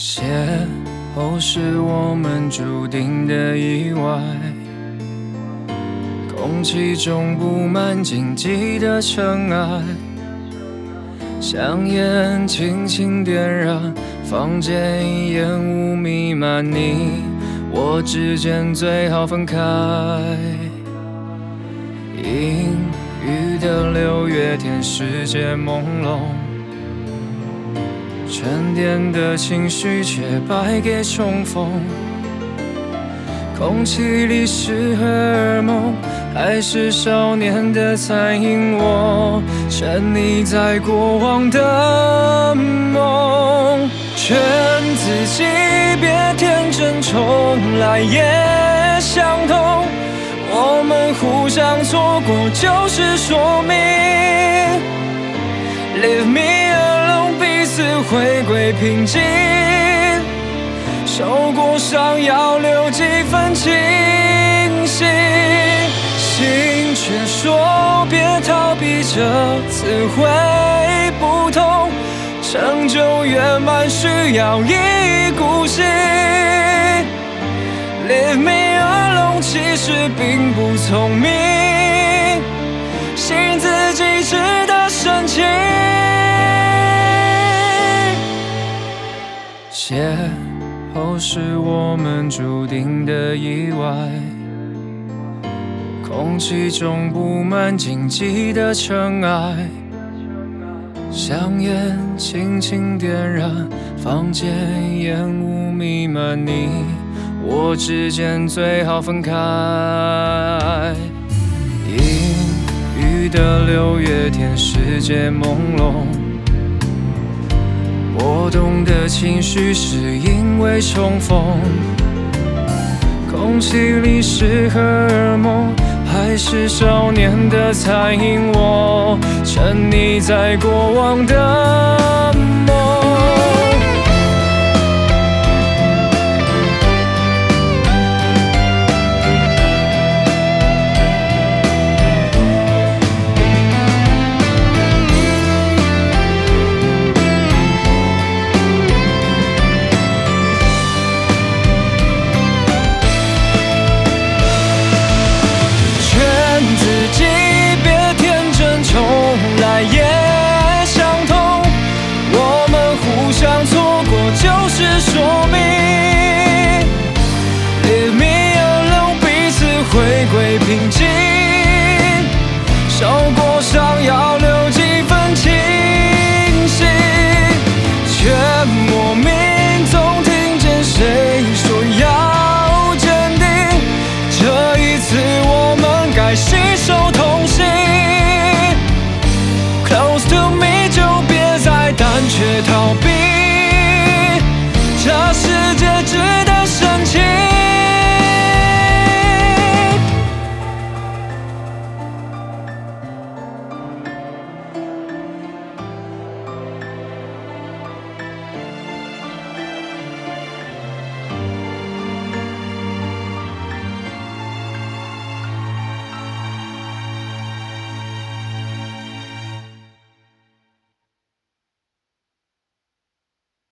邂逅是我們註定的意外，空氣中佈滿禁忌的塵埃。香煙輕輕點燃，房間煙霧彌漫，你我之間最好分開。陰雨的六月天，世界朦朧。沉澱的情緒卻敗給重逢，空氣裡是荷爾蒙，還是少年的殘影？我沉溺在過往的夢，勸自己別天真，重來也相同。我們互相錯過，就是說明。平靜，受過傷要留幾分清醒。心卻說別逃避，這次會不同，成就圓滿需要一意孤行 leave me alone 其實並不聰明。邂逅是我們註定的意外，空氣中佈滿禁忌的塵埃。香菸輕輕點燃，房間煙霧瀰漫，你我之間最好分開。陰雨的六月天，世界朦朧。的情緒是因為重逢，空氣裡是荷爾蒙，還是少年的殘影？我沉溺在過往的。就是說明，Leave me alone，彼此回歸平靜，受過傷要留幾分清醒，卻莫名總聽見誰說要堅定。這一次我們該攜手同行，Close to me，就別再膽怯逃避。